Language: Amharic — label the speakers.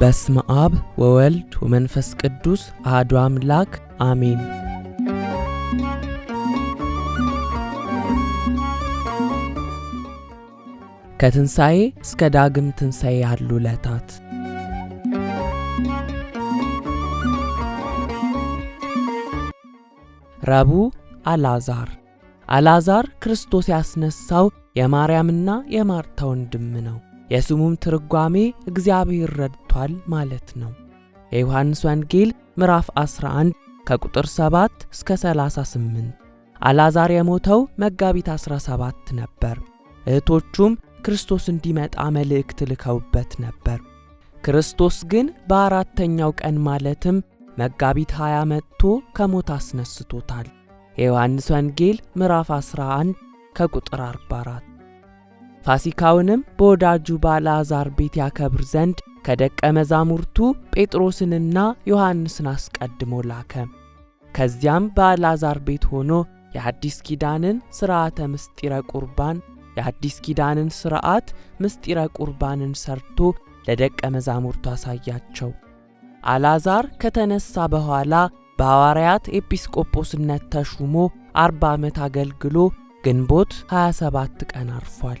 Speaker 1: በስመ አብ ወወልድ ወመንፈስ ቅዱስ አሐዱ አምላክ አሜን። ከትንሣኤ እስከ ዳግም ትንሣኤ ያሉ ዕለታት ረቡዕ አልዓዛር። አልዓዛር ክርስቶስ ያስነሣው የማርያምና የማርታ ወንድም ነው። የስሙም ትርጓሜ እግዚአብሔር ረድ ተገልጧል ማለት ነው። የዮሐንስ ወንጌል ምዕራፍ 11 ከቁጥር 7 እስከ 38። አልዓዛር የሞተው መጋቢት 17 ነበር። እህቶቹም ክርስቶስ እንዲመጣ መልእክት ልከውበት ነበር። ክርስቶስ ግን በአራተኛው ቀን ማለትም መጋቢት 20 መጥቶ ከሞት አስነስቶታል። የዮሐንስ ወንጌል ምዕራፍ 11 ከቁጥር 44 ፋሲካውንም በወዳጁ አዛር ቤት ያከብር ዘንድ ከደቀ መዛሙርቱ ጴጥሮስንና ዮሐንስን አስቀድሞ ላከ። ከዚያም በአልዓዛር ቤት ሆኖ የአዲስ ኪዳንን ሥርዓተ ምስጢረ ቁርባን የአዲስ ኪዳንን ሥርዓት ምስጢረ ቁርባንን ሰርቶ ለደቀ መዛሙርቱ አሳያቸው። አልዓዛር ከተነሣ በኋላ በሐዋርያት ኤጲስቆጶስነት ተሹሞ አርባ ዓመት አገልግሎ ግንቦት 27 ቀን አርፏል።